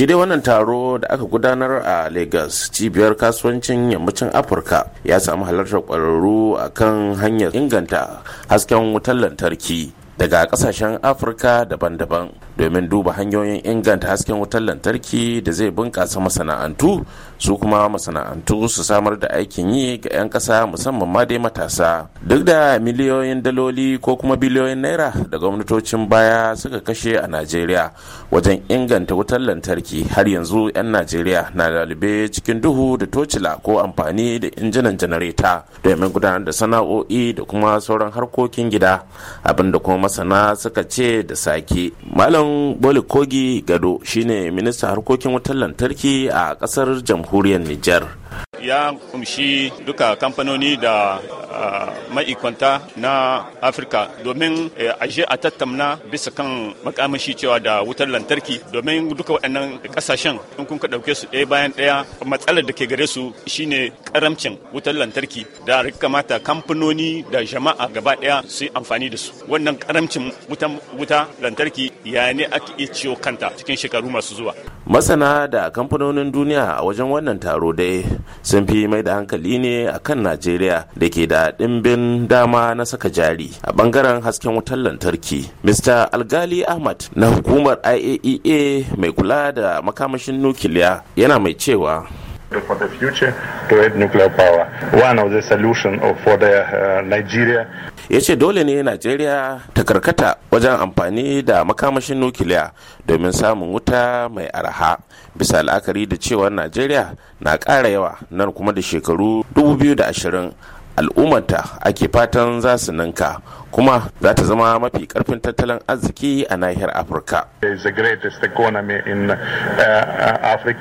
shi dai wannan taro da aka gudanar a lagos cibiyar kasuwancin yammacin afirka ya samu halartar kwararru a kan hanyar inganta hasken wutar lantarki daga kasashen afirka daban-daban domin duba hanyoyin inganta hasken wutar lantarki da zai bunkasa masana'antu su kuma masana'antu su samar da aikin yi ga 'yan kasa musamman ma dai matasa duk da miliyoyin daloli ko kuma biliyoyin naira da gwamnatocin baya suka kashe a najeriya wajen inganta wutar lantarki har yanzu 'yan najeriya na lalube cikin duhu da tocila ko amfani da injinan janareta domin gudanar da sana'o'i da kuma sauran harkokin gida abinda kuma masana suka ce da sake malam Usman Boli Kogi Gado shine ministan harkokin wutar lantarki a kasar jamhuriyar Nijar. ya kumshi duka kamfanoni da ah, ma'aikwanta na afirka domin eh, aje a tattamna bisa kan makamashi cewa da wutar lantarki domin duka waɗannan kasashen in kun ka ɗauke su ɗaya bayan ɗaya matsalar da ke gare su shine karamcin wutar lantarki da kamata kamfanoni da jama'a gaba ɗaya su yi amfani da su wannan karamcin wuta lantarki ya ne ake iya ciwo kanta cikin shekaru masu zuwa masana da kamfanonin duniya a wajen wannan taro dai sun fi mai da hankali ne a kan najeriya da ke da ɗimbin dama na saka jari a bangaren hasken wutar lantarki mr algali ahmad na hukumar iaea e mai kula da makamashin nukiliya yana mai cewa For the future to add nuclear power. One of the solution for the uh, Nigeria. Ya ce dole ne Najeriya ta karkata wajen amfani da makamashin nukiliya domin samun wuta mai araha. Bisa la'akari da cewa Najeriya na ƙara yawa nan kuma da shekaru 2020 al'ummarta ake fatan za su ninka kuma za ta zama mafi karfin tattalin arziki a nahiyar afirka uh,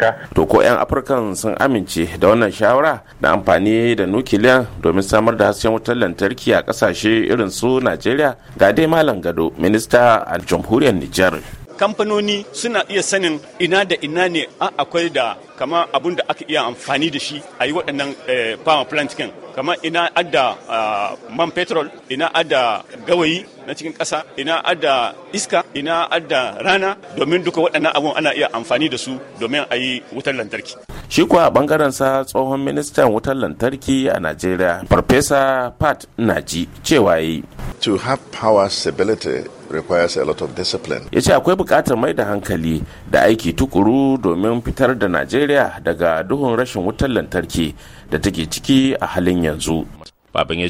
uh, to ko 'yan afirkan sun amince da wannan shawara na amfani da nukiliya domin samar da hasken wutar lantarki a kasashe irin su najeriya ga dai malam gado minista a jamhuriyar nijar kamfanoni suna iya sanin ina da ina ne akwai da kama abun da aka iya amfani da shi a yi waɗannan eh, power plant kin kama ina adda ah, man petrol ina adda gawayi na cikin ƙasa ina adda iska ina adda rana domin duka waɗannan abun ana iya amfani da su domin a yi wutar lantarki shi kuwa a bangaren sa tsohon ministan wutar lantarki a nigeria farfesa pat naji cewa yi to have power stability requires a lot of discipline. Ya ce akwai buƙatar mai da hankali da aiki tukuru domin fitar da Najeriya daga duhun rashin wutar lantarki da take ciki a halin yanzu. Baban ya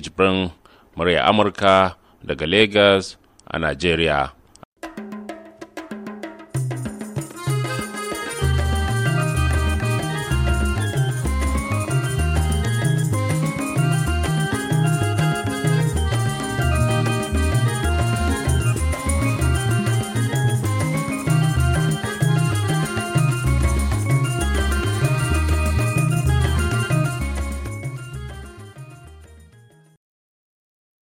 murya Amurka daga Lagos a Najeriya.